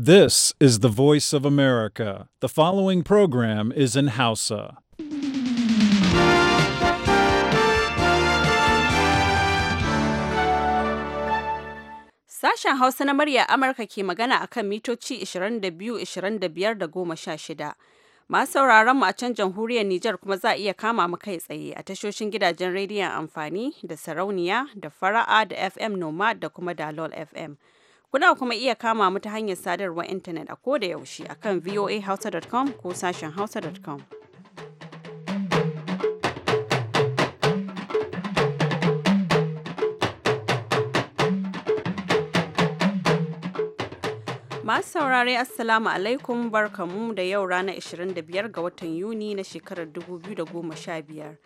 This is the voice of America. The following program is in Hausa. Sashen Hausa na murya Amurka ke magana akan mitoci 22, 25 da 16. Masu sauraron mu a can jamhuriyar Nijar kuma za a iya kama mu kai tsaye a tashoshin gidajen rediyon amfani da sarauniya da fara'a da FM Nomad da kuma Dalol FM. Kuna kuma iya kama mu ta hanyar sadarwar intanet a ko da yaushe a kan voahausa.com ko sashen hausa.com. Masu saurare Assalamu alaikum barkamu da yau ranar 25 ga watan Yuni na shekarar 2015.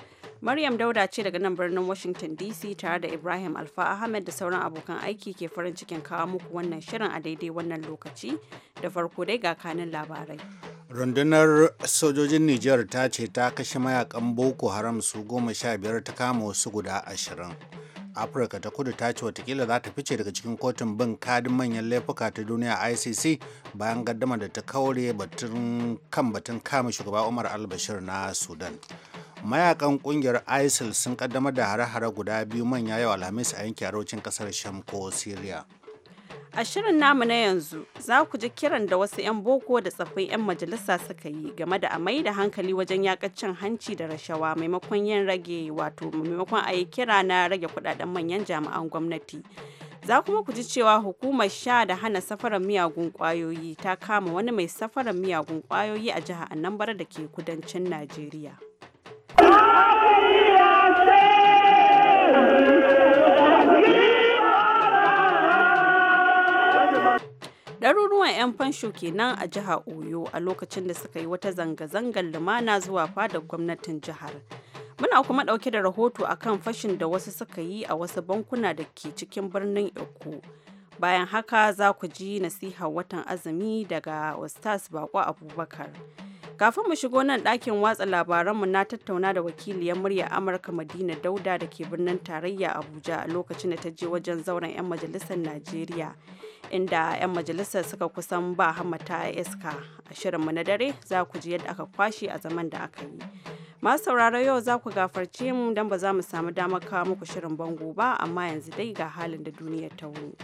Maryam Dauda ce daga nan birnin Washington DC tare da Ibrahim Alfa Ahmed da sauran abokan aiki ke farin cikin kawo muku wannan shirin a daidai wannan lokaci da farko dai ga kanin labarai. Rundunar sojojin Nijar ta ce ta kashe mayakan Boko Haram su goma sha biyar ta kama wasu guda ashirin. Afirka ta kudu ta ce watakila za ta fice daga cikin kotun bin kadin manyan laifuka ta duniya ICC bayan gaddama da ta kaure batun kan batun kama shugaba Umar al-Bashir na Sudan. mayakan kungiyar isil sun kaddamar da hare-hare guda biyu manya yau alhamis a yankin arewacin kasar sham ko syria a shirin namu na yanzu za ku ji kiran da wasu 'yan boko da tsaffin 'yan majalisa suka yi game da amai da hankali wajen yakacin hanci da rashawa maimakon yin rage wato maimakon a yi kira na rage kudaden manyan jami'an gwamnati za kuma ku ji cewa hukumar sha da hana safarar miyagun kwayoyi ta kama wani mai safarar miyagun kwayoyi a nan anambra da ke kudancin najeriya ɗaruruwan 'yan fansho kenan a jihar oyo a lokacin da suka yi wata zanga-zangar lumana zuwa fadar gwamnatin jihar muna kuma ɗauke da rahoto a kan fashin da wasu suka yi a wasu bankuna da ke cikin birnin eko bayan haka za ku ji nasihar watan azumi daga ustaz bako abubakar Kafin mu shigo nan ɗakin watsa labaranmu na tattauna da wakiliyar murya Amurka Madina Dauda da ke birnin tarayya Abuja a lokacin da ta je wajen zauren 'yan majalisar Najeriya. Inda 'yan majalisar suka kusan ba hamata iska a shirinmu na dare za ku ji yadda aka kwashe a zaman da aka yi. Masu sauraro yau za ku gafarce mu don ba za mu samu damar kawo muku shirin bango ba amma yanzu dai ga halin da duniya ta wuni.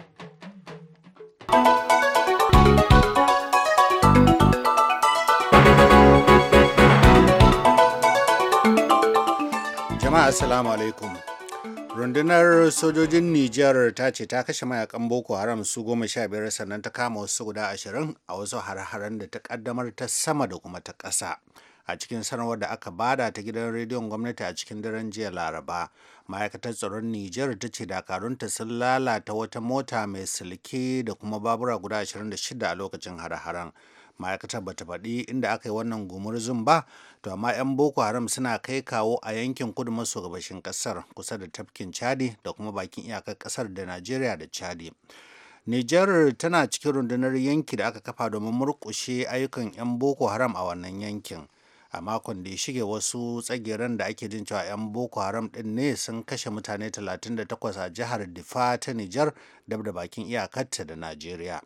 Assalamu alaikum. Rundunar sojojin Nijar ta ce ta kashe mayakan Boko Haram su goma sha biyar sannan ta kama wasu guda ashirin a wasu har-haren da ta kaddamar ta sama da kuma ta ƙasa. a cikin sanarwar da aka bada ta gidan rediyon gwamnati a cikin daren jiya laraba ma'aikatar tsaron nijar ta ce dakarunta sun lalata wata mota mai silke da kuma babura guda da 26 a lokacin harharan. haren ma'aikatar bata faɗi inda aka yi wannan gumurzun ba to amma 'yan boko haram suna kai kawo a yankin kudu maso gabashin kasar kusa da tafkin chadi da kuma bakin iyakar kasar da najeriya da chadi Nijar tana cikin rundunar yanki da aka kafa domin murkushe ayyukan 'yan boko haram a wannan yankin a makon da ya shige wasu tsagiran da ake jin cewa 'yan boko haram din ne sun kashe mutane 38 a jihar difa ta nijar dab da bakin iyakarta da najeriya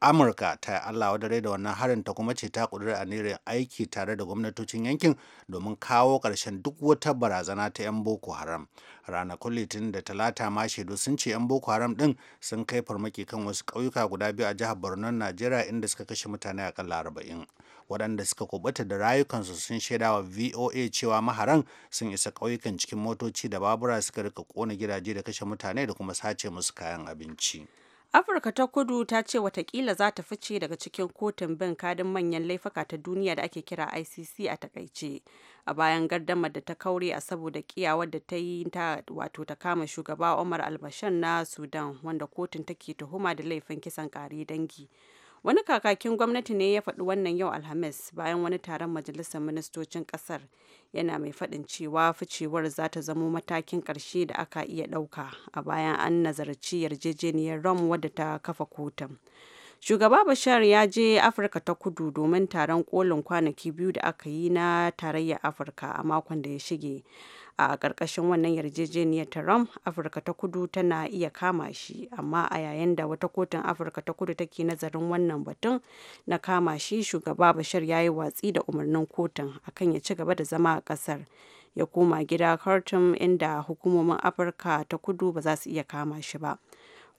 amurka ta yi allah dare da wannan harin ta kuma ce ta a aniyar aiki tare da gwamnatocin yankin domin kawo ƙarshen duk wata barazana ta 'yan boko haram ranakun litinin da talata ma shaidu sun ce 'yan boko haram ɗin sun kai farmaki kan wasu ƙauyuka guda biyu a jihar borno najeriya inda suka kashe mutane a akalla arba'in waɗanda suka kubuta da rayukansu sun shaida wa voa cewa maharan sun isa ƙauyukan cikin motoci da babura suka rika kona gidaje da kashe mutane da kuma sace musu kayan abinci. Afirka ta kudu ta ce watakila za ta fice daga cikin kotun bin kadin manyan laifuka ta duniya da ake kira ICC a takaice. A bayan gardamar da ta kaure a saboda kiyawar da ta yi ta wato ta kama shugaba Omar albashan na Sudan wanda kotun take tuhuma da laifin kisan kare dangi. Wani kakakin gwamnati ne ya faɗi wannan yau Alhamis bayan wani taron majalisar ministocin ƙasar yana mai faɗin cewa ficewar za ta zamo matakin ƙarshe da aka iya ɗauka a bayan an nazarci yarjejeniyar Rom wadda ta kafa kotun. Shugaba Bashar ya je Afirka ta kudu domin taron kolin kwanaki biyu da aka yi na tarayyar Afirka a makon da ya shige. a ƙarƙashin wannan yarjejeniyar taram afirka ta kudu tana iya kama shi amma a yayin da wata kotun afirka ta kudu take nazarin wannan batun na kama shi shugaba bashir ya yi watsi da umarnin kotun akan ya ci gaba da zama a ƙasar ya koma gida khartoum inda hukumomin afirka ta kudu ba za su iya kama shi ba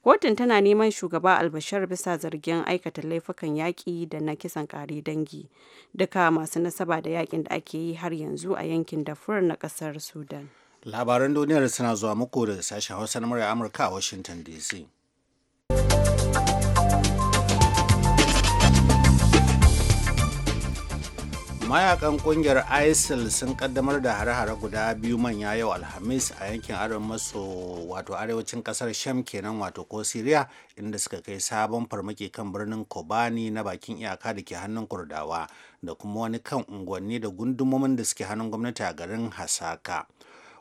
Kotun tana neman shugaba albashar bisa zargin aikata laifukan yaƙi da na kisan ƙare dangi, duka masu nasaba da yaƙin da ake yi har yanzu a yankin Darfur na ƙasar Sudan. Labaran duniyar suna zuwa muku da sashen Hausa na Amurka a Washington DC. mayakan kungiyar isil sun kaddamar da hare-hare guda biyu manya yau alhamis a yankin arewa maso wato arewacin kasar sham kenan wato ko siriya inda suka kai sabon farmaki kan birnin kobani na bakin iyaka da ke hannun kurdawa da kuma wani kan unguwanni da gundumomin da suke hannun gwamnati a garin hasaka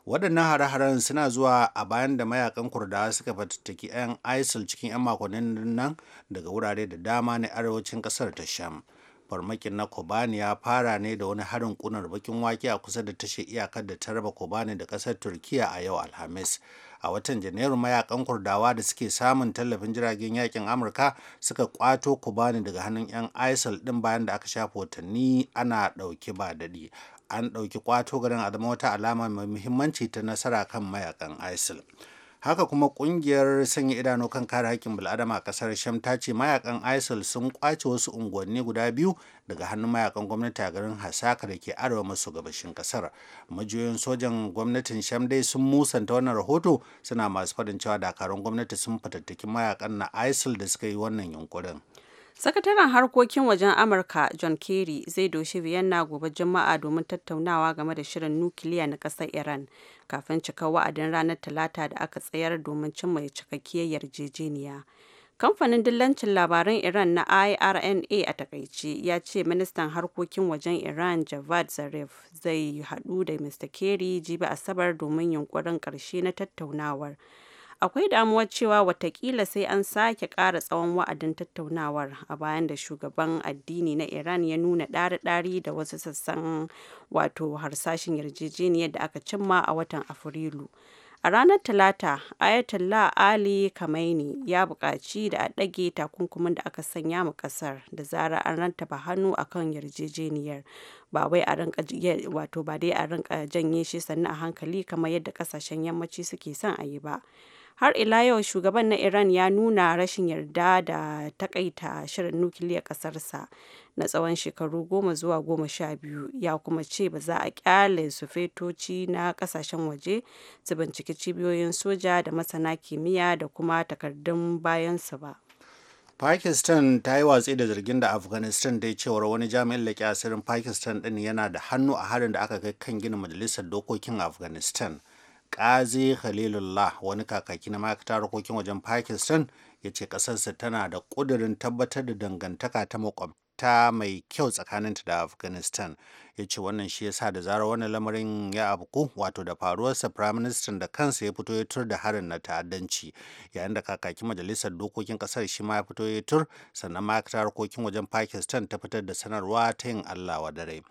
waɗannan hare-haren suna zuwa a bayan da mayakan kurdawa suka fatattaki 'yan isil cikin 'yan makonnin nan daga wurare da dama na arewacin kasar ta sham farmakin na kobani ya fara ne da wani harin kunar bakin wake a kusa da tashar iyakar da ta raba kobani da kasar turkiya a yau alhamis a watan janairu mayakan kurdawa da suke samun tallafin jiragen yakin amurka suka kwato kobani daga hannun 'yan isil din bayan da aka shafa watanni ana ɗauki ba dadi an ɗauki kwato garin a wata alama mai muhimmanci ta nasara kan mayakan isil haka kuma kungiyar sanya idanu kan kare hakkin bil'adama a kasar sham ta ce mayakan isil sun kwace wasu unguwanni guda biyu daga hannun mayakan gwamnati a garin hasaka da ke arewa maso gabashin kasar majiyoyin sojan gwamnatin sham dai sun musanta wannan rahoto suna masu faɗin cewa dakarun gwamnati sun fatattakin mayakan na isil da suka yi wannan yunkurin Sakataren harkokin wajen Amurka John Kerry zai doshi Vienna gobe Juma'a domin tattaunawa game da shirin nukiliya na ƙasar Iran kafin cika wa'adin ranar Talata da aka tsayar domin cimma cikakkiyar yarjejeniya. Kamfanin dillancin labaran Iran na IRNA a takaice ya ce ministan harkokin wajen Iran Javad Zarif zai haɗu da Mr. Kerry jibi Asabar domin yunkurin ƙarshe na tattaunawar. akwai damuwar cewa watakila sai an sake kara tsawon wa'adin tattaunawar a bayan da shugaban addini na iran ya nuna ɗari-ɗari da wasu sassan wato harsashin yarjejeniyar da aka cimma a watan afrilu a ranar talata ayatollah ali kamaini ya buƙaci da a ɗage takunkumin da aka sanya mu ƙasar da zara an rantaba hannu kan yarjejeniyar ba wai a rinka wato ba dai a rinka janye shi sannan a hankali kamar yadda ƙasashen yammaci suke son a yi ba har ila yau shugaban na iran ya nuna rashin yarda da takaita shirin nukiliyar kasarsa na tsawon shekaru goma zuwa goma sha biyu ya kuma ce ba za a kyale su fetoci na kasashen waje su binciki cibiyoyin soja da masana kimiyya da kuma takardun bayansu ba pakistan ta yi watsi da zargin da afghanistan dai cewar wani jami'in leƙi asirin pakistan din yana da hannu a harin da aka kai kan gina majalisar dokokin afghanistan kazi khalilullah wani kakaki na ma'aikatar harkokin wajen pakistan ya ce ƙasarsa tana da ƙudurin tabbatar da dangantaka ta makwabta mai kyau tsakaninta da afghanistan ya ce wannan shi yasa da zarar wani lamarin ya abku wato da faruwarsa prime minister da kansa ya fito ya tur da harin na ta'addanci yayin da kakakin majalisar dokokin Ƙasar shi ma ya fito ya tur sannan ma'aikatar harkokin wajen pakistan ta fitar da sanarwa ta yin allah wa dare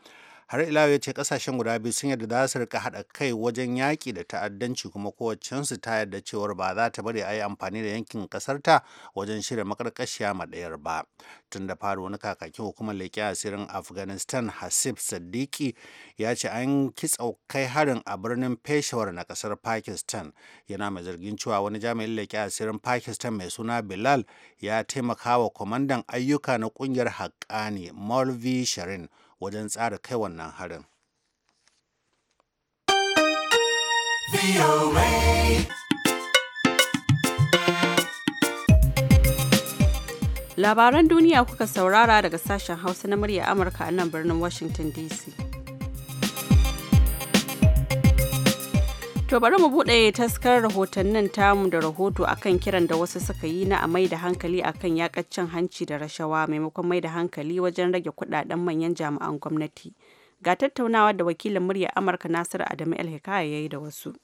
har ila ya ce kasashen guda biyu sun yarda za su rika haɗa kai wajen yaki da ta'addanci kuma kowace kowaccensu ta yarda cewar ba za ta bari a yi amfani da yankin ta wajen shirya makarkashiya ma ba tun da faru wani kakakin hukumar leƙi asirin afghanistan hasib sadiki ya ce an kitsa kai harin a birnin peshawar na ƙasar pakistan yana mai zargin cewa wani jami'in leƙi asirin pakistan mai suna bilal ya taimaka wa kwamandan ayyuka na ƙungiyar haƙƙani malvi sharin wajen tsara kai wannan harin. Labaran duniya kuka saurara daga sashen Hausa na murya Amurka a nan birnin Washington DC. To bari mu bude taskar rahotannin tamu da rahoto akan kiran da wasu suka yi na a mai da hankali akan yakaccin hanci da rashawa maimakon mai da hankali wajen rage kudaden manyan jami'an gwamnati. Ga tattaunawa da wakilin murya Amurka Nasiru Adamu Alhikaya yayi ya yi da wasu.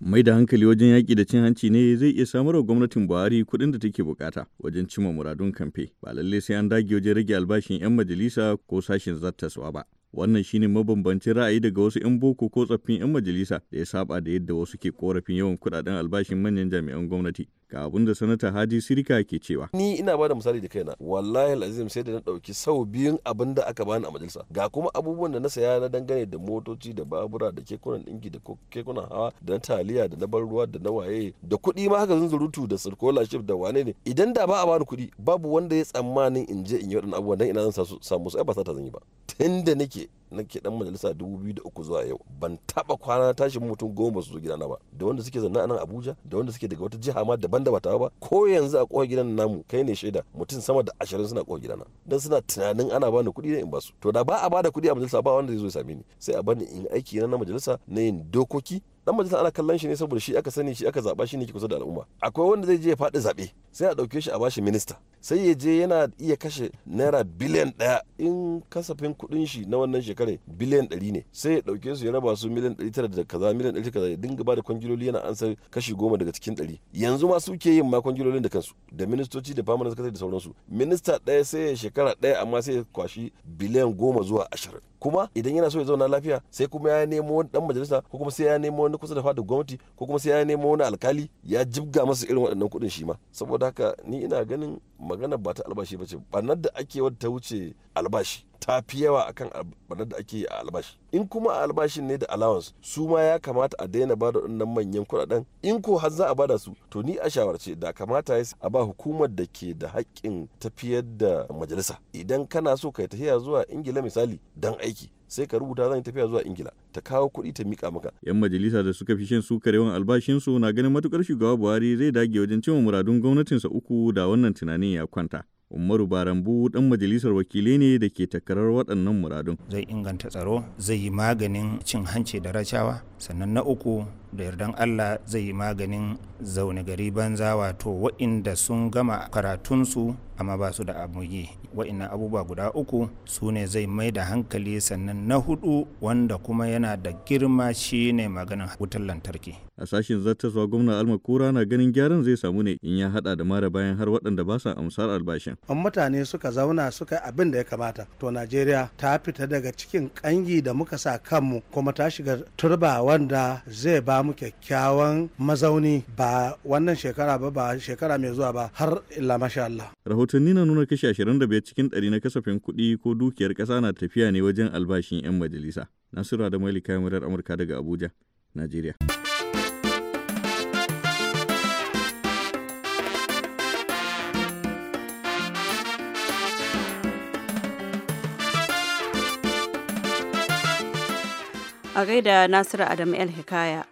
mai da hankali wajen yaƙi da cin hanci ne zai iya samar wa gwamnatin buhari kuɗin da take bukata wajen cimma muradun kamfe ba lallai sai an dage wajen rage albashin 'yan majalisa ko sashin zattaswa ba wannan shine mabambancin ra'ayi daga wasu 'yan boko ko tsaffin 'yan majalisa da ya saba da yadda wasu ke korafin yawan kudaden albashin manyan jami'an gwamnati ga abin da sanata Hadi Sirika ke cewa. Ni ina bada misali da kaina wallahi alazim sai da na ɗauki sau biyun abin da aka bani a majalisa ga kuma abubuwan da na saya na dangane da motoci da babura da kekunan dinki da kekunan hawa da na taliya da na bar ruwa da na waye da kuɗi ma haka zunzurutu da circularship da wane ne idan da ba a bani kuɗi babu wanda ya tsammanin in je in yi waɗannan abubuwan dan ina zan samu su ai ba ta zan yi ba tun da nake na ke dan majalisa biyu da 2003 zuwa yau ban taba kwana tashin mutum goma ba su zo gidana ba da wanda suke zanna a nan Abuja da wanda suke daga wata jiha ma daban da bata ba ko yanzu a kowa gidan namu kai ne shaida mutum sama da ashirin suna kowa gidana dan suna tunanin ana bani kuɗi ne in basu to da ba a bada kuɗi a majalisa ba wanda zai zo ya same ni sai a bani in aiki na majalisa na yin dokoki dan majalisa ana kallon shi ne saboda shi aka sani shi aka zaba shi ne ke kusa da al'umma akwai wanda zai je ya faɗi zabe sai a ɗauke shi a bashi minista sai ya je yana iya kashe naira biliyan daya in kasafin kuɗin shi na wannan shekarar biliyan ɗari ne sai ya dauke su ya raba su miliyan ɗari tara da kaza miliyan ɗari kaza ya dinga ba da kwangiloli yana ansar kashi goma daga cikin ɗari yanzu ma su ke yin ma kwangilolin da kansu da ministoci da famanin sakatare da sauransu minista daya sai ya shekara daya amma sai ya kwashi biliyan goma zuwa ashirin kuma idan yana so ya zauna lafiya sai kuma ya nemo wani dan majalisa ko kuma sai ya nemo wani kusa da fadar gwamnati ko kuma sai ya nemo wani alkali ya jibga masa irin waɗannan kuɗin shi ma saboda haka ni ina ganin magana ba ta albashi ba ce banar da ake wadda ta wuce albashi ta fi yawa akan banar da ake a albashi in kuma albashin ne da allowance su ma ya kamata a daina ba da manyan kuɗaɗen in ko har za a bada su to ni a shawarce da kamata ya a ba hukumar da ke da haƙƙin tafiyar da majalisa idan kana so kai tafiya zuwa ingila misali dan aiki sai ka rubuta zan tafiya zuwa ingila ta kawo kuɗi ta mika maka yan majalisa da suka fi shan sukar yawan albashinsu na ganin matukar shugaba buhari zai dage wajen cimma muradun gwamnatinsa uku da wannan tunanin ya kwanta Umaru Barambu dan majalisar wakilai ne da ke takarar waɗannan muradun. Zai inganta tsaro, zai yi maganin cin hanci da rashawa, sannan na uku da yardan allah zai yi maganin zaune gari banza wato wa'inda sun gama karatunsu amma ba su da abu yi abubuwa guda uku su ne zai mai da hankali sannan na hudu wanda kuma yana da girma shi ne maganin wutar lantarki a sashin zartaswa gwamna alma kura na ganin gyaran zai samu ne in ya hada da mara bayan har waɗanda ba sa amsar albashin an mutane suka zauna suka yi abin da ya kamata to najeriya ta fita daga cikin kangi da muka sa kanmu kuma ta shiga turba wanda zai ba samu kyakkyawan mazauni ba wannan shekara ba ba shekara mai zuwa ba har illa masha Allah. Rahotanni na nuna kashi 25 cikin ɗari na kasafin kuɗi ko dukiyar ƙasa na tafiya ne wajen albashin 'yan majalisa. Nasiru da Malika Murar Amurka daga Abuja, Najeriya. a gaida nasiru adamu el hikaya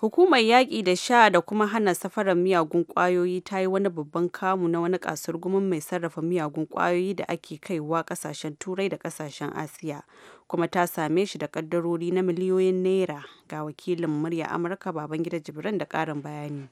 Hukumar yaƙi da sha da kuma hana safarar miyagun ƙwayoyi ta yi wani babban kamu na wani ƙasar gumin mai sarrafa miyagun ƙwayoyi da ake kaiwa ƙasashen Turai da ƙasashen Asiya, kuma ta same shi da ƙaddarori na miliyoyin naira ga wakilin murya Amurka baban gida Jibrin da ƙarin bayani.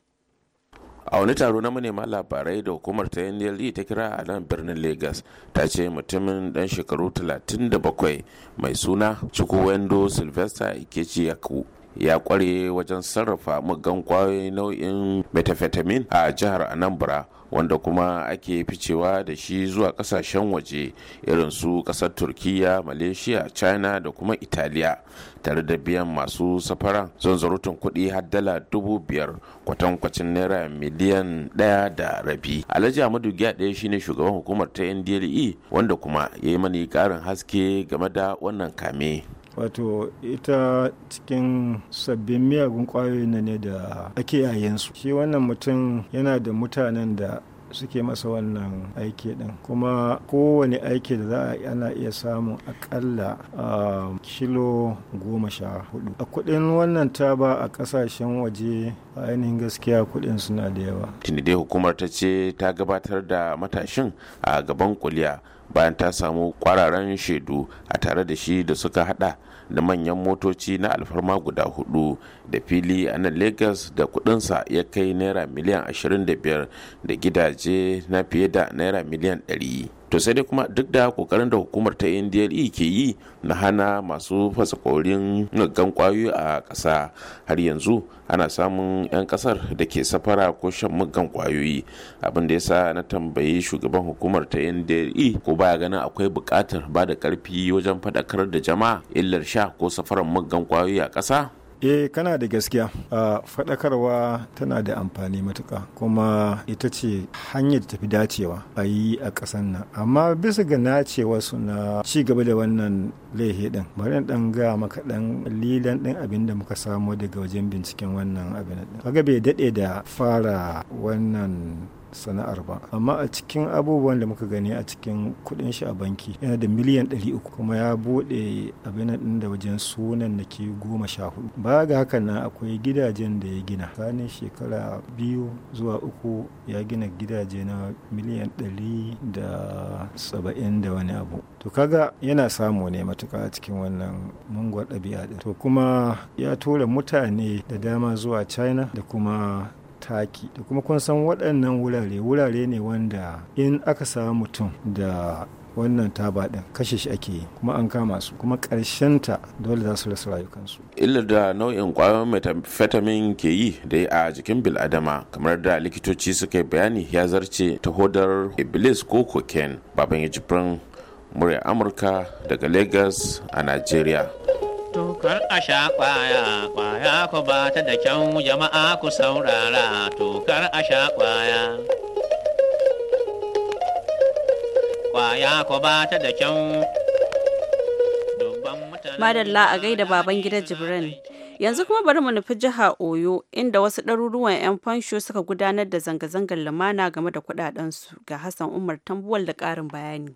a wani taro na manema labarai da hukumar ta nle ta kira a nan birnin lagos ta ce mutumin dan shekaru 37 mai suna Chukwuendo sylvester ikechi yaku ya kware wajen sarrafa muggan kwayoyin nau'in metafetamin a jihar anambra wanda kuma ake ficewa da shi zuwa kasashen waje irin su kasar turkiya malaysia china da kuma italiya tare da biyan masu safara zanzarutun kuɗi har dala dubu biyar kwatankwacin naira miliyan ɗaya da rabi alhaji amadu giya ɗaya shine shugaban hukumar ta ndle wanda kuma ya yi mani ƙarin haske game da wannan kame wato ita cikin sabbin miyagun kwayoyin ne da ake yayinsu shi wannan mutum yana da mutanen da suke masa wannan aiki din kuma kowane aiki da za a ana iya samun akalla a um, kilo goma sha hudu a kudin wannan taba a kasashen waje a ainihin gaskiya kudin suna da yawa tuni dai hukumar ta ce ta gabatar da matashin a gaban kuliya bayan ta samu kwararan shaidu a tare da shi da suka hada da manyan motoci na alfarma guda hudu da fili a nan lagos da kudinsa ya kai naira miliyan 25 da gidaje na fiye da naira miliyan 100 to sai dai kuma duk da kokarin da hukumar ta ndle ke yi na hana masu fasa korin gan kwayoyi a ƙasa har yanzu ana samun 'yan ƙasar da ke safara ko shan muggan kwayoyi abin da yasa na tambayi shugaban hukumar ta ndle ko baya ganin akwai buƙatar ba da ƙarfi wajen faɗakar da jama'a illar sha sha ko safaran muggan kwayoyi a ƙasa e kana da gaskiya a faɗakarwa tana da amfani matuka kuma ita ce hanyar tafi dacewa a yi a ƙasan nan amma bisa ga nacewa suna ci gaba da wannan laihe ɗin bari ɗan ga maka ɗan lilan ɗin abin da muka samu daga wajen binciken wannan abin ɗin kaga bai daɗe da fara wannan sana'ar ba amma a cikin abubuwan da muka gani a cikin kudin shi a banki yana da miliyan 300 kuma ya bude abin din da wajen sunan da ke goma sha hudu ba ga haka nan akwai gidajen da ya gina tsakanin shekara biyu zuwa uku ya gina gidaje na miliyan 170 da wani abu to kaga yana samu ne matuka a cikin wannan mungwar ɗabi'a to kuma ya tura mutane da dama zuwa china da kuma taki da kuma kun san waɗannan wurare wurare ne wanda in aka samu mutum da wannan taba din kashe shi ake yi kuma an kama su kuma ta dole za su rasa rayukansu illa da nau'in ƙwayoyin methamphetamine ke yi da a jikin biladama kamar da likitoci suka bayani ya zarce ta hodar iblis ko cocaine baban ya murya amurka daga lagos a nigeria Tokar a sha kwaya kwaya ku ba ta da kyau jama'a ku saurara tokar a sha kwaya kwaya ku ba ta da kyau madalla a gaida baban gidan jibrin yanzu kuma bari mu nufi jiha oyo inda wasu ɗaruruwan 'yan fansho suka gudanar da zanga-zangar lumana game da kudadensu ga hassan umar tambuwal da ƙarin bayani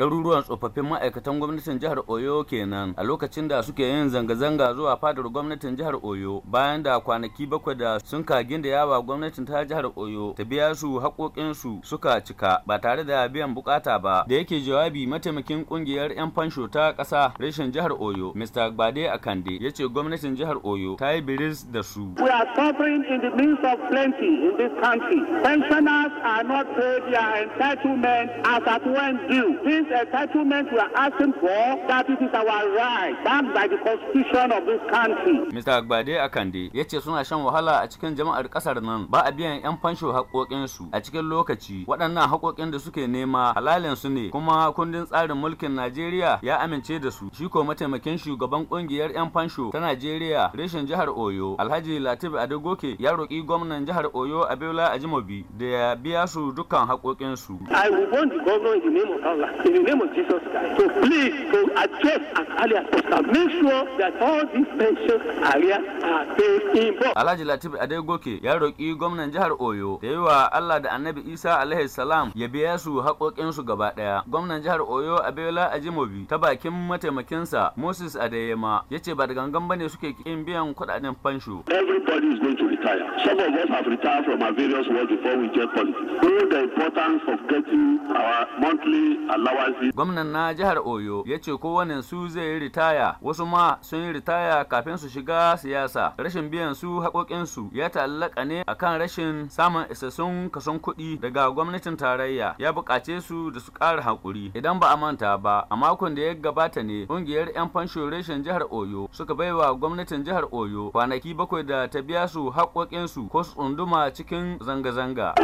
ɗaruruwan tsofaffin ma'aikatan gwamnatin jihar Oyo kenan a lokacin da suke yin zanga-zanga zuwa fadar gwamnatin jihar Oyo bayan da kwanaki bakwai da sun kagin da yawa gwamnatin ta jihar Oyo ta biya su haƙoƙinsu suka cika ba tare da biyan bukata ba da yake jawabi mataimakin ƙungiyar 'yan fansho ta ƙasa reshen jihar Oyo Mr. Gbade Akande ya ce gwamnatin jihar Oyo ta yi biris da su. We are suffering in the midst of plenty in this country. Pensioners are not paid their entitlement as at when due. This entitlement we are asking for, that it is our right, backed by the constitution of this country. Mr. Agbade Akande ya ce suna shan wahala a cikin jama'ar kasar nan ba a biyan 'yan fansho haƙoƙinsu a cikin lokaci waɗannan haƙoƙin da suke nema halalin su ne kuma kundin tsarin mulkin Najeriya ya amince da su. Shi ko mataimakin shugaban ƙungiyar 'yan fansho ta Najeriya reshen jihar Oyo Alhaji Latif Adegoke ya roƙi gwamnan jihar Oyo Abiola Ajimobi da ya biya su dukkan haƙoƙinsu. I will want the governor in the name of Allah. the name of Jesus Christ to please to address as early as possible. Make sure that all these mentioned areas are paid in bulk. Alhaji Latif Adegoke ya roƙi gwamnan jihar Oyo da yi wa Allah da Annabi Isa alaihi salam ya biya su haƙoƙinsu gaba ɗaya. Gwamnan jihar Oyo Abiola Ajimobi ta bakin mataimakinsa Moses Adeyema ya ce ba da gangan bane suke kin biyan kuɗaɗen fansho. Everybody is going retired. Some of us have retired from our various work before we get politics. Know the importance of getting our monthly allowances. Gwamnan na jihar Oyo ya ce kowane su zai yi ritaya, wasu ma sun yi ritaya kafin su shiga siyasa. Rashin biyan su haƙoƙinsu ya ta'allaka ne kan rashin samun isassun kason kuɗi daga gwamnatin tarayya. Ya buƙace su da su ƙara haƙuri. Idan ba a manta ba, a makon da ya gabata ne ƙungiyar 'yan fansho reshen jihar Oyo suka baiwa gwamnatin jihar Oyo kwanaki bakwai da ta biya su haƙoƙi haƙoƙinsu ko su tsunduma cikin zanga-zanga.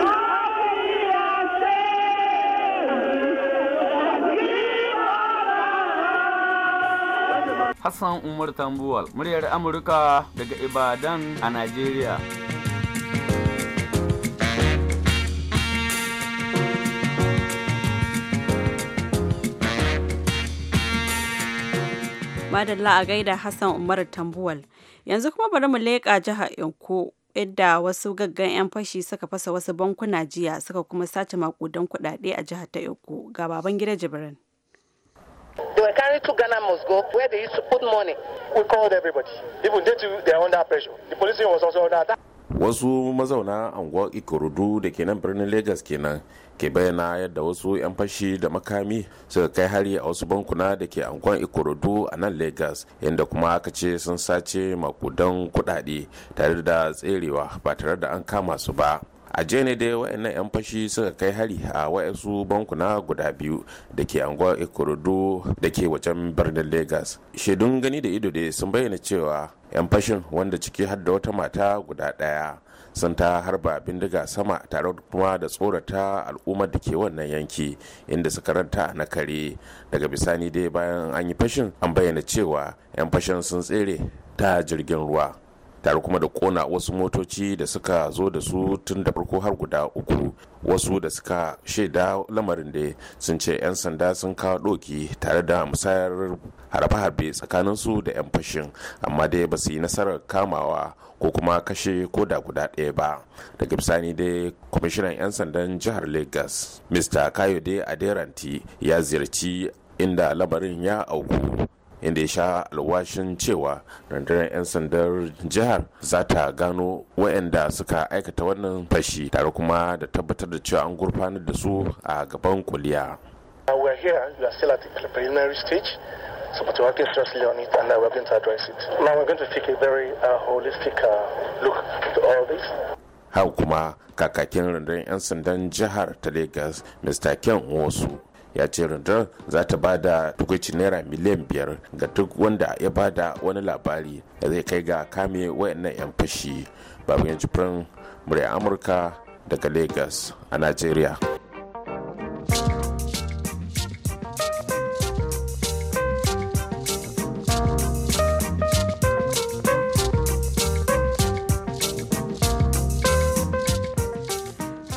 Hassan Umar Tambuwal, muryar Amurka daga Ibadan a Najeriya. Madalla a gaida Hassan Umar Tambuwal. Yanzu kuma bari mu leƙa jihar Inko yadda wasu gaggan 'yan fashi suka fasa wasu bankuna jiya suka kuma sace makudan kuɗaɗe a jihar ta Inko ga baban gida Jibrin. They were carrying two Ghana must go where they used to put money. We called everybody. Even they too, they are under pressure. The police was also under attack. Wasu mazauna anguwar Ikorodu da ke nan birnin Lagos kenan ke bayyana yadda wasu 'yan fashi da makami suka kai hari a wasu bankuna da ke angon ikorodu a nan lagos inda kuma aka ce sun sace makudan kudade tare da tserewa ba tare da an kama su ba a jiya ne dai wa'annan 'yan fashi suka kai hari a wa'yansu bankuna guda biyu da ke anguwar ikorodu da ke wajen birnin lagos shaidun gani da ido dai sun bayyana cewa 'yan fashin wanda ciki har da wata mata guda ɗaya sun ta harba bindiga sama tare kuma da tsorata al'ummar da ke wannan yanki inda suka ranta na kare daga bisani dai bayan an yi fashin an bayyana cewa 'yan fashin sun tsere ta jirgin ruwa tare kuma da kona wasu motoci da suka zo da su tun da farko har guda uku wasu da suka shaida lamarin da sun ce 'yan sanda sun kawo doki tare da musayar harbe-harbe su da 'yan fashin amma dai ba su yi nasarar kamawa ko kuma kashe ko da guda ɗaya ba daga bisani dai kwamishinan 'yan sandan jihar lagos mr kayode aderanti ya ziyarci inda lamarin ya auku inda ya sha alwashin cewa rundunar 'yan sandar jihar za ta gano waɗanda suka aikata wannan fashi tare kuma da tabbatar da cewa an gurfanar da su a gaban kuliya. We are here, you are So, but we're working seriously on it and uh, we're going to address it. Now, we're going to take a very uh, holistic uh, look into all this. Hau kuma kakakin rundunar 'yan sandan jihar ta Legas, Mr. Ken Wosu, ya ce rundunar za ta ba da tukuci naira miliyan biyar ga duk wanda ya ba da wani labari da zai kai ga kame wayannan 'yan fashi babu yanci firin murya amurka daga lagos a nigeria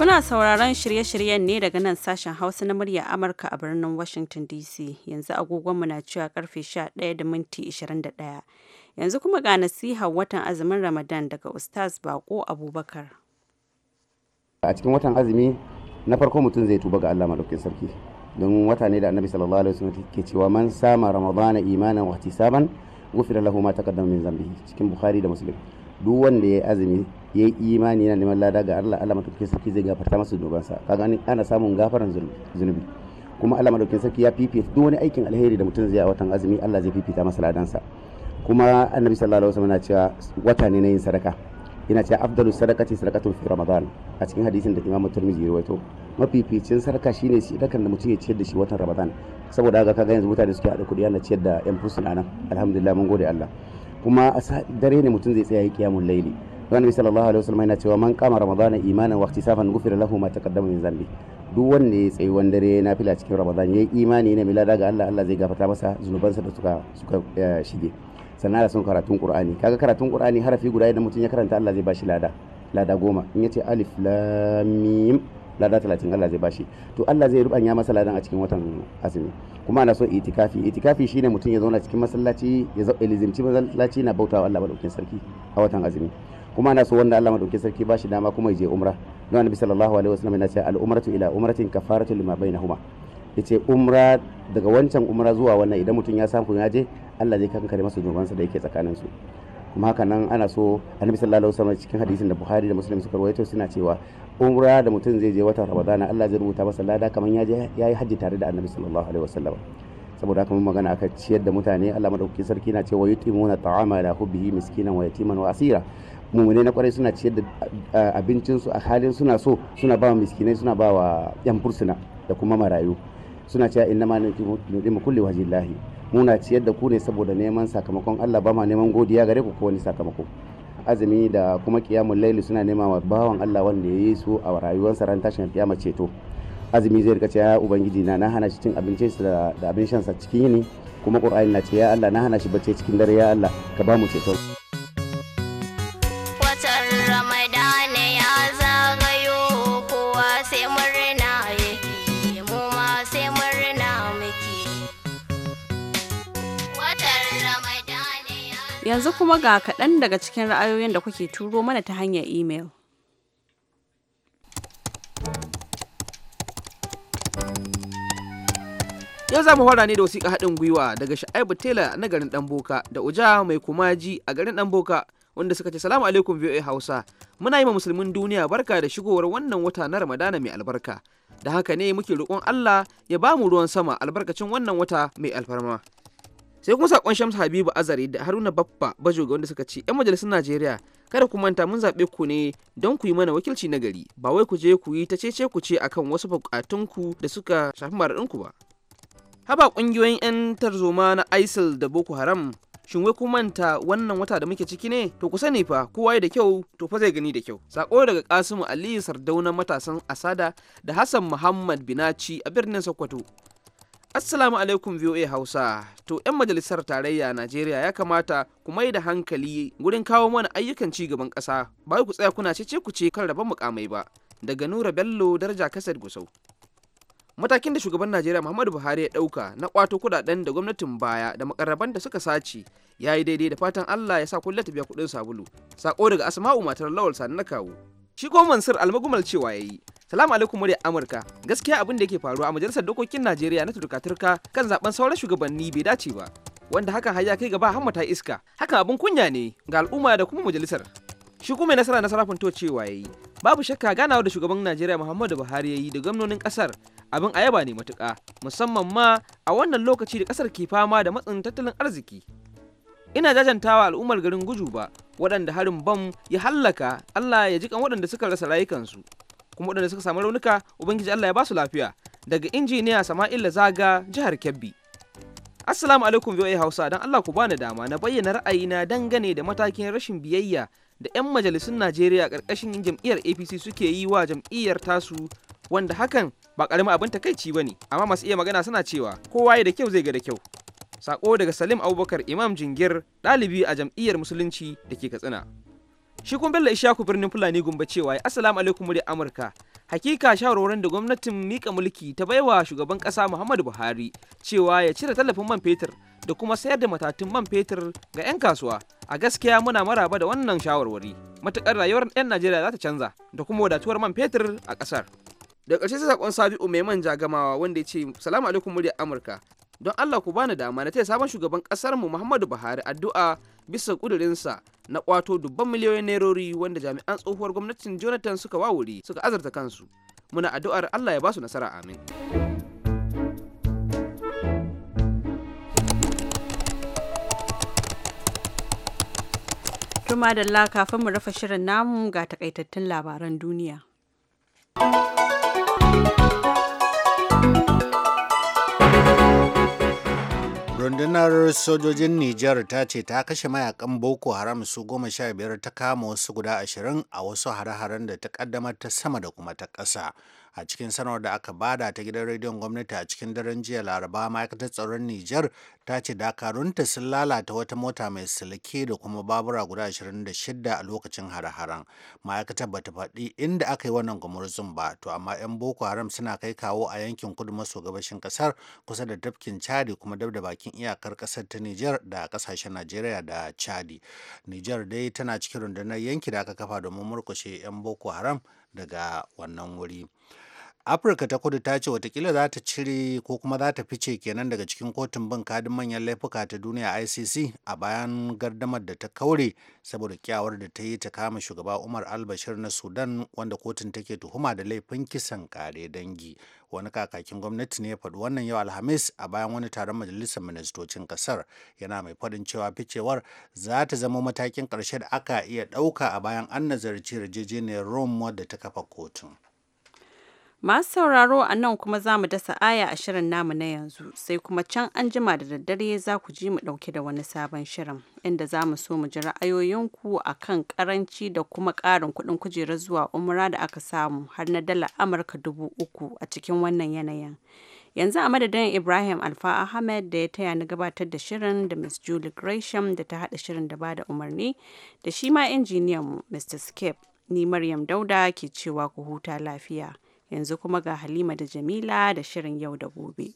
Kuna sauraron shirye-shiryen ne daga nan sashen Hausa na murya Amurka a birnin Washington DC. Yanzu agogonmu na cewa karfe 11 da minti 21. Yanzu kuma ga nasihar watan azumin Ramadan daga Ustaz Bako Abubakar. A cikin watan azumi na farko mutum zai tuba ga Allah madaukin sarki. Don wata ne da Annabi sallallahu alaihi wasallam ke cewa man sama Ramadana imanan wa ihtisaban ghufira lahu ma taqaddama min zambihi cikin Bukhari da Muslim. duk wanda ya yi azumi ya yi imani yana neman lada ga Allah Allah madaukakin sarki zai gafarta masa zunubansa kaga ana samun gafaran zunubi kuma Allah madaukakin sarki ya fifita duk wani aikin alheri da mutum zai a watan azumi Allah zai fifita masa ladansa kuma annabi sallallahu alaihi wasallam yana cewa wata ne na yin sadaka yana cewa afdalu sadaqati sadaqatun fi ramadan a cikin hadisin da imamu tirmidhi ya rawaito mafificin sadaka shine sadakan da mutum ya ciyar da shi watan ramadan saboda haka kaga yanzu mutane suke hada kudi ana ciyar da yan fusuna nan alhamdulillah mun gode Allah kuma a dare ne mutum zai tsaya yi qiyamul layli don nabi sallallahu alaihi wasallam yana cewa man kama ramadana imanan waqti safan gufira lahu ma taqaddama min zambi duk wanda ya tsayi dare na fila cikin ramadan yayi imani ne milada ga Allah Allah zai gafarta masa zunubansa da suka suka eh, shige sannan da sun karatun qur'ani kaga karatun qur'ani harafi guda idan mutum ya karanta Allah zai bashi lada lada goma in yace alif lam lada talatin Allah zai bashi to Allah zai rubanya masa ladan a cikin watan azumi kuma ana so itikafi itikafi shine mutum ya zauna cikin masallaci ya zauna ilizimci masallaci na bautawa Allah madaukakin sarki a watan azumi kuma ana so wanda Allah madaukakin sarki bashi dama kuma ya je umra don annabi sallallahu alaihi wasallam yana cewa al-umratu ila umratin kafaratu lima bainahuma yace umra daga wancan umra zuwa wannan idan mutum ya samu ya je Allah zai kankare masa zunubansa da yake tsakaninsu kuma haka nan ana so annabi sallallahu alaihi wasallam cikin hadisin da buhari da muslim suka rawaito suna cewa umra da mutum zai je wata ramadana allah zai rubuta masa lada kamar ya je yayi yi hajji tare da annabi sallallahu alaihi wasallam saboda haka mun magana aka ciyar da mutane allah madaukakin sarki na cewa yutimuna ta'ama la hubbihi miskinan wa yatiman wa asira mumune na kwarai suna ciyar da abincinsu a halin suna so suna ba miskinai suna ba wa yan fursuna da kuma marayu suna cewa innama nutimu kulli wajhillahi muna ciyar da ku ne saboda neman sakamakon Allah ba ma neman godiya gare ku ko wani sakamako azumi da kuma kiyamun laili suna nema wa bawan Allah wanda ya yi su a rayuwarsa ran tashin kiyama ceto azumi zai rika cewa ya ubangiji na na hana shi cin abincin da abin sa cikin yini kuma qur'ani na ce ya Allah na hana shi bacci cikin dare ya Allah ka ba mu ceto Yanzu kuma ga kaɗan daga cikin ra'ayoyin da kuke turo mana ta hanyar imel. Yau za mu fara ne da wasiƙa haɗin gwiwa daga Sha'ibu Tela na garin Ɗanboka da Uja mai kumaji a garin Ɗanboka wanda suka ce salamu alaikum VOA Hausa. Muna yi ma musulmin duniya barka da shigowar wannan wata na Ramadana mai albarka. Da haka ne muke roƙon Allah ya ba mu ruwan sama albarkacin wannan wata mai alfarma. sai kuma sakon shams habibu azari da haruna baffa ga wanda suka ce yan majalisun najeriya kada ku manta mun zaɓe ku ne don ku yi mana wakilci na gari ba wai ku je ku yi ta cece ku ce akan wasu ku da suka shafi maraɗinku ba haba ƙungiyoyin 'yan tarzoma na isil da boko haram shin wai ku manta wannan wata da muke ciki ne to ku sani fa kowa da kyau to fa zai gani da kyau sako daga kasimu aliyu sardauna matasan asada da hassan muhammad binaci a birnin sokoto Assalamu alaikum VOA Hausa. To 'yan majalisar tarayya Najeriya ya kamata ku mai da hankali gurin kawo mana ayyukan ci gaban ƙasa. Ba ku tsaya kuna cece ku ce kan rabon mukamai ba. Daga Nura Bello daraja kasar Gusau. Matakin da shugaban Najeriya Muhammadu Buhari ya ɗauka na kwato kuɗaɗen da gwamnatin baya da makarraban da suka sace ya yi daidai da fatan Allah ya sa kulle ta biya kuɗin sabulu. Sako daga Asma'u matar Lawal Sani na kawo. Shi ko Mansur Almagumal cewa ya yi Salamu alaikum murya Amurka. Gaskiya abin da yake faruwa a majalisar dokokin Najeriya na turka-turka kan zaben sauran shugabanni bai dace ba. Wanda hakan har ya kai gaba hammata iska. Hakan abin kunya ne ga al'umma da kuma majalisar. Shi kuma nasara na sarafin cewa yayi. Babu shakka ganawa da shugaban Najeriya Muhammadu Buhari yayi da gwamnonin kasar abin ayaba ne matuka, musamman ma a wannan lokaci da kasar ke fama da matsin tattalin arziki. ina jajantawa al'ummar garin guju ba waɗanda harin bam ya hallaka Allah ya jikan waɗanda suka rasa rayukansu kuma waɗanda suka samu raunuka ubangiji Allah ya basu lafiya daga injiniya Sama'il Zaga jihar Kebbi. Assalamu alaikum VOA Hausa don Allah ku bani dama na bayyana ra'ayi na dangane da matakin rashin biyayya da 'yan majalisun Najeriya ƙarƙashin jam'iyyar APC suke yi wa jam'iyyar tasu wanda hakan ba karami abin takaici ba ne amma masu iya magana suna cewa kowa ya da kyau zai ga da kyau. Sako daga Salim Abubakar Imam Jingir ɗalibi a jam'iyyar Musulunci da ke Katsina. shi kun bello ishaku birnin fulani gumba cewa ya assalamu alaikum muryar amurka hakika shawarwarin da gwamnatin mika mulki ta baiwa shugaban kasa muhammadu buhari cewa ya cire tallafin man fetur da kuma sayar da matatun man fetur ga 'yan kasuwa a gaskiya muna maraba da wannan shawarwari matukar rayuwar 'yan najeriya za ta canza da kuma wadatuwar man fetur a kasar da ƙarshe sai sakon sabi'u mai manja gamawa wanda ya ce salamu alaikum muryar amurka don allah ku bani dama na taya sabon shugaban kasar mu muhammadu buhari addu'a bisa kudurinsa na kwato dubban miliyoyin nairori wanda jami'an tsohuwar gwamnatin jonathan suka wawuri suka azarta kansu muna addu'ar allah ya basu nasara amin Tuma da kafin mu rufe shirin namu ga takaitattun labaran duniya. rundunar sojojin niger ta ce ta kashe mayakan boko haram su goma sha biyar ta kama wasu guda ashirin a wasu hare-haren da ta kaddamar ta sama da kuma ta ƙasa a cikin sanarwar da aka bada ta gidan rediyon gwamnati a cikin daren jiya laraba ma'aikatar tsaron niger ta ce dakarunta sun lalata wata mota mai silke da kuma babura guda 26 a lokacin hare-haren ma'aikatar bata faɗi inda aka yi wannan gumurzun ba to amma 'yan boko haram suna kai kawo a yankin kudu maso gabashin kasar kusa da tafkin chadi kuma dab da bakin iyakar kasar ta niger da kasashen najeriya da chadi niger dai tana cikin rundunar yanki da aka kafa domin murkushe 'yan boko haram daga wannan wuri afirka ta kudu ta ce watakila za ta cire ko kuma za ta fice kenan daga cikin kotun bin kadin manyan laifuka ta duniya icc a bayan gardamar da ta kaure saboda kyawar da ta yi ta kama shugaba umar albashir na sudan wanda kotun take tuhuma da laifin kisan kare dangi wani kakakin gwamnati ne ya faɗi wannan yau alhamis a bayan wani taron majalisar ministocin kasar yana mai faɗin cewa ficewar za ta zama matakin ƙarshe da aka iya ɗauka a bayan an nazarci yarjejeniyar rome wadda ta kafa kotun. Masu sauraro a nan kuma za mu dasa aya a shirin namu na yanzu sai kuma can an jima da daddare za ku ji mu ɗauke da wani sabon shirin inda za mu so mu ji ra'ayoyinku a kan karanci da kuma ƙarin kuɗin kujerar zuwa umra da aka samu har na dala Amurka dubu uku a cikin wannan yanayin. Yanzu a madadin Ibrahim Alfa Ahmed da ya taya ni gabatar da shirin da Miss Julie Gresham da ta haɗa shirin da ba da umarni da shi ma injiniyan Mr. Skip. Ni Maryam Dauda ke cewa ku huta lafiya. Yanzu kuma ga Halima da Jamila da shirin yau da gobe.